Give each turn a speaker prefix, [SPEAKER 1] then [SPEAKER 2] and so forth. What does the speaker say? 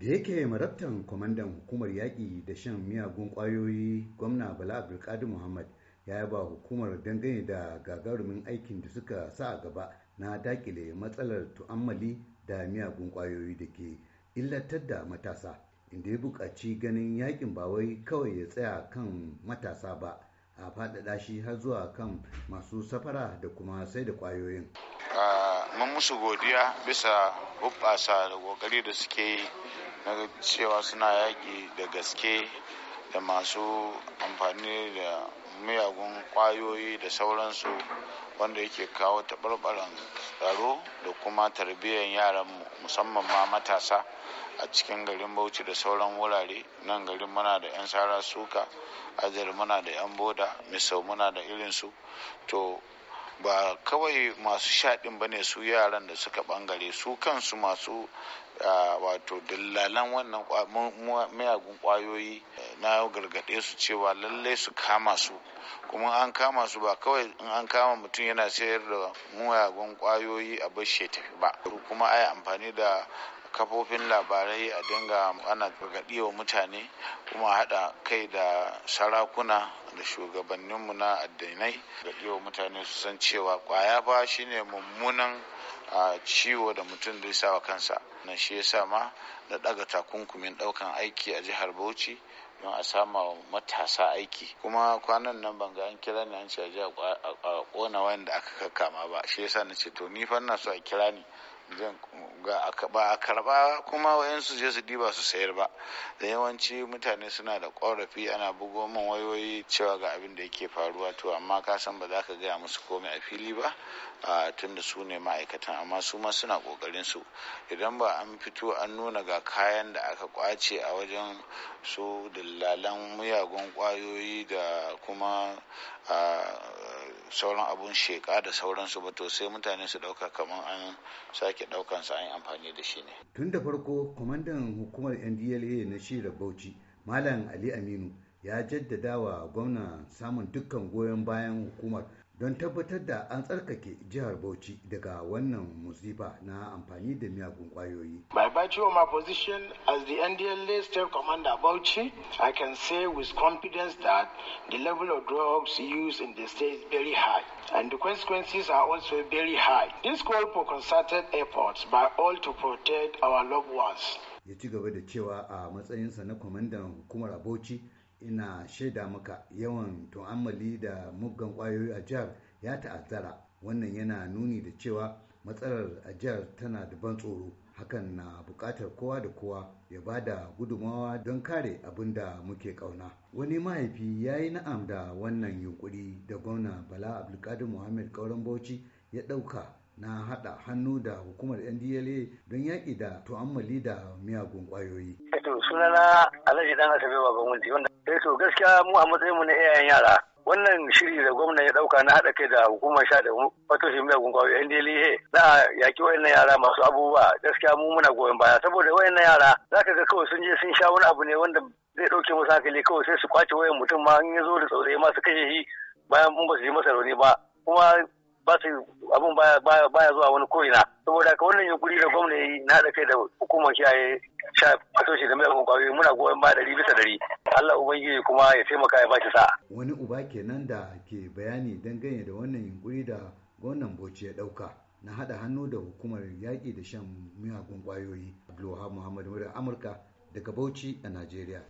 [SPEAKER 1] da yake marabtan kwamandan hukumar yaƙi da shan miyagun ƙwayoyi gwamna bala abdulkadir muhammad ya ba hukumar dangane da gagarumin aikin da suka sa a gaba na dakile matsalar tu'ammali da miyagun ƙwayoyi da ke illatar da matasa inda ya buƙaci ganin yaƙin ba wai kawai ya tsaya kan matasa ba a faɗaɗa shi har zuwa kan masu safara da kuma sai da ƙwayoyin.
[SPEAKER 2] Ah, mun musu godiya bisa hubbasa da ƙoƙari da suke yi cewa suna yaƙi da gaske da masu amfani da miyagun ƙwayoyi da sauransu wanda yake kawo taɓarɓaran tsaro da kuma tarbiyyar yaran musamman ma matasa a cikin garin bauchi da sauran wurare nan garin muna da 'yan sara suka ajiyar muna da 'yan boda misau muna da irinsu to ba kawai masu shaɗin ba ne su yaran da suka ɓangare su kansu masu wato dillalan wannan mayagun kwayoyi eh, na gargaɗe su cewa lallai su kama su kuma an kama su ba kawai in an kama mutum yana sayar da mayagun kwayoyi a bashe tafi ba kuma ai amfani da kafofin labarai a dinga ana gargaɗi wa mutane kuma haɗa kai da sarakuna da shugabanninmu na addinai gargaɗi wa mutane su san cewa ƙwaya ba shine mummunan ciwo da mutum da ya wa kansa na shi ya sa ma da ɗaga takunkumin ɗaukan aiki a jihar bauchi don a sama matasa aiki kuma kwanan nan ban ga an kira ni an ce a ƙona wanda aka kakkama ba shi ya sa na ce to ni fa na so a kira ni ba a karba kuma wayansu je su diba su sayar ba da yawanci mutane suna da korafi ana bugo min wayoyi cewa ga abin da yake faruwa to amma ka san ba za ka gaya musu komai a fili ba tun da su ne ma'aikatan amma su ma suna kokarin su idan ba an fito an nuna ga kayan da aka kwace a wajen su dillalan miyagun kwayoyi da kuma sauran abun sheka da sauransu ba to sai mutane su dauka kamar an sake daukan su an yi amfani da shi ne
[SPEAKER 1] tun da farko kwamandan hukumar ndla na shira bauchi malam ali aminu ya jaddada wa gwamna samun dukkan goyon bayan hukumar don tabbatar da an tsarkake jihar Bauchi daga wannan musiba na amfani da miyagun kwayoyi.
[SPEAKER 2] By virtue of my position as the NDLA State Commander Bauchi, I can say with confidence that the level of drugs used in the state is very high. and the consequences are also very high. This call for concerted efforts by all to protect our loved ones.
[SPEAKER 1] Ya ci gaba da cewa a matsayinsa na kwamandan hukumar Bauchi ina shaida maka yawan tu'ammali da muggan kwayoyi a jihar ya ta'azzara wannan yana nuni da cewa matsalar a jihar tana da ban tsoro hakan na buƙatar kowa da kowa ya ba da gudumawa don kare abin da muke ƙauna wani mahaifi ya yi na'am da wannan yunkuri da gwamna bala abdulkadir muhammad kauran bauchi ya ɗauka na haɗa hannu da hukumar ndla don yaƙi da tu'ammali da miyagun ƙwayoyi.
[SPEAKER 3] eto eh sunana alhaji dan asabe baban wunti wanda eto eh gaskiya mu a matsayinmu na iyayen yara wannan shiri da gwamna ya dauka na haɗa kai da hukumar sha da fatoshin shi miyagun kwayo NDLEA eh, za a yaki wayannan yara masu abubuwa gaskiya mu muna goyon baya saboda wayannan yara za ka ga kawai sun je sun sha wani abu ne wanda zai ɗauke musu hankali kawai sai su kwace wayan mutum ma in ya zo da tsauraye masu su kashe shi bayan mun ba su ji masa rauni ba kuma ba su abun baya zuwa wani ko'ina saboda ka wannan yunkuri da gwamna yi na haɗa kai da hukumar kiyaye sha fito shi game da kwayoyi muna goyon ba dari bisa dari Allah ubangiji kuma ya taimaka ya ba shi sa'a
[SPEAKER 1] wani uba kenan da ke bayani ganye da wannan yunkuri da gwamnan Bauchi ya ɗauka na haɗa hannu da hukumar yaƙi da shan miyagun kwayoyi Abdulwahab Muhammad Amurka daga Bauchi a Najeriya